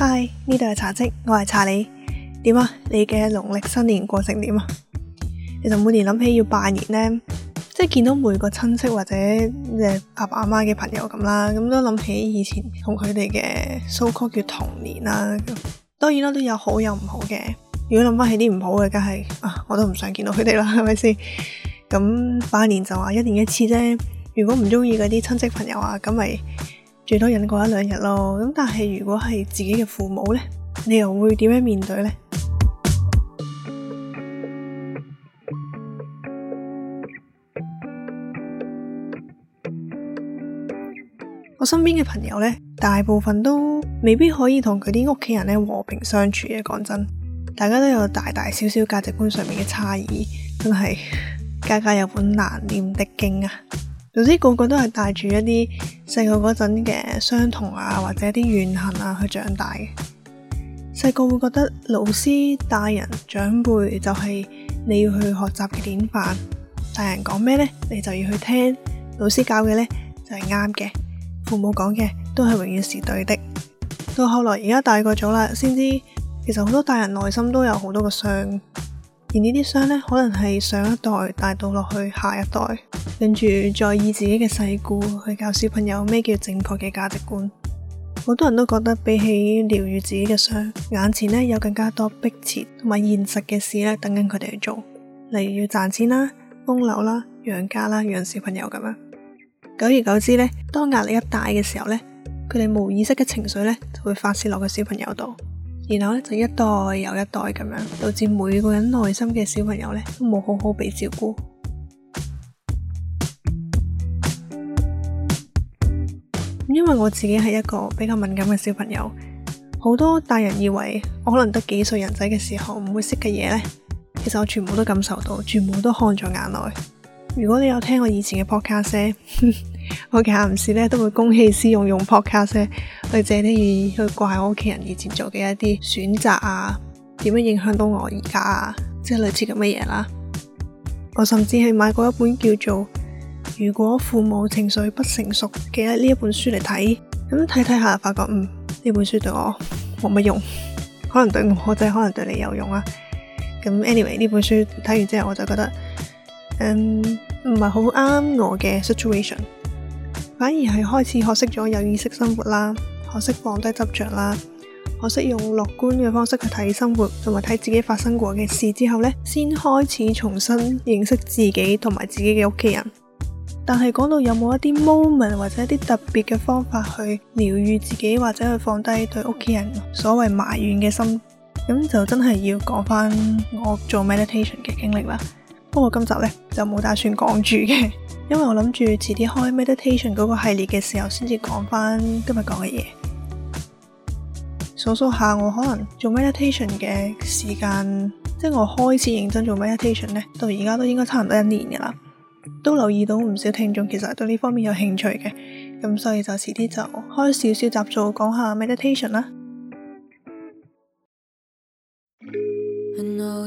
hi 呢度係茶嘖，我係查理。點啊？你嘅農曆新年過成點啊？其實每年諗起要拜年呢，即係見到每個親戚或者誒阿爸阿媽嘅朋友咁啦，咁都諗起以前同佢哋嘅 so called 童年啦，當然啦，都有好有唔好嘅。如果諗翻起啲唔好嘅，梗係啊，我都唔想見到佢哋啦，係咪先？咁拜年就話一年一次啫。如果唔中意嗰啲親戚朋友啊，咁咪，最多忍過一兩日咯，咁但係如果係自己嘅父母呢，你又會點樣面對呢？ 我身邊嘅朋友呢，大部分都未必可以同佢啲屋企人和平相處嘅。講真，大家都有大大小小價值觀上面嘅差異，真係家家有本難念的經啊！總之個個都係帶住一啲細個嗰陣嘅傷痛啊，或者啲怨恨啊去長大嘅。細個會覺得老師、大人、長輩就係你要去學習嘅典範，大人講咩呢？你就要去聽；老師教嘅呢，就係啱嘅，父母講嘅都係永遠是對的。到後來而家大個咗啦，先知其實好多大人內心都有好多個傷。而呢啲傷咧，可能係上一代帶到落去下一代，跟住再以自己嘅世故去教小朋友咩叫正確嘅價值觀。好多人都覺得比起療愈自己嘅傷，眼前咧有更加多迫切同埋現實嘅事咧等緊佢哋去做，例如要賺錢啦、供樓啦、養家啦、養小朋友咁樣。久而久之咧，當壓力一大嘅時候咧，佢哋無意識嘅情緒咧就會發泄落個小朋友度。然後就一代又一代咁樣，導致每個人內心嘅小朋友呢都冇好好被照顧因為我自己係一個比較敏感嘅小朋友，好多大人以為我可能得幾歲人仔嘅時候唔會識嘅嘢，呢其實我全部都感受到，全部都看在眼內。如果你有聽我以前嘅 podcast，我其實有時咧都會公器私用，用 podcast 去借啲意去怪我屋企人以前做嘅一啲選擇啊，點樣影響到我而家啊，即係類似咁嘅嘢啦。我甚至係買過一本叫做《如果父母情緒不成熟》嘅呢一本書嚟睇，咁睇睇下，發覺嗯，呢本書對我冇乜用，可能對我就可能對你有用啊。咁 anyway 呢本書睇完之後，我就覺得。嗯唔係好啱我嘅 situation，反而係開始學識咗有意識生活啦，學識放低執着啦，學識用樂觀嘅方式去睇生活，同埋睇自己發生過嘅事之後呢，先開始重新認識自己同埋自己嘅屋企人。但係講到有冇一啲 moment 或者一啲特別嘅方法去療愈自己，或者去放低對屋企人所謂埋怨嘅心，咁就真係要講翻我做 meditation 嘅經歷啦。不過今集呢，就冇打算講住嘅，因為我諗住遲啲開 meditation 嗰個系列嘅時候，先至講翻今日講嘅嘢。數數下，我可能做 meditation 嘅時間，即係我開始認真做 meditation 呢，到而家都應該差唔多一年噶啦。都留意到唔少聽眾其實對呢方面有興趣嘅，咁所以就遲啲就開少少集數講下 meditation 啦。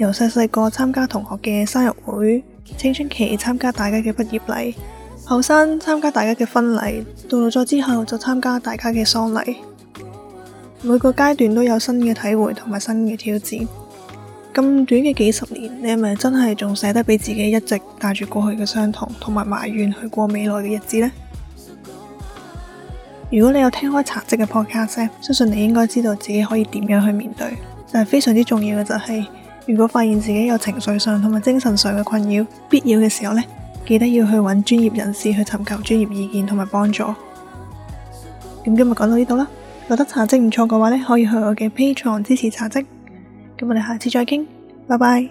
由細細個參加同學嘅生日會，青春期參加大家嘅畢業禮，後生參加大家嘅婚禮，到老咗之後就參加大家嘅喪禮，每個階段都有新嘅體會同埋新嘅挑戰。咁短嘅幾十年，你係咪真係仲捨得畀自己一直帶住過去嘅傷痛同埋埋怨去過未來嘅日子呢？如果你有聽開茶嘖嘅 Podcast 聲，相信你應該知道自己可以點樣去面對。但係非常之重要嘅就係如果發現自己有情緒上同埋精神上嘅困擾，必要嘅時候呢，記得要去揾專業人士去尋求專業意見同埋幫助。咁今日講到呢度啦，覺得茶嘖唔錯嘅話呢，可以去我嘅 Patreon 支持茶嘖。咁我哋下次再傾，拜拜。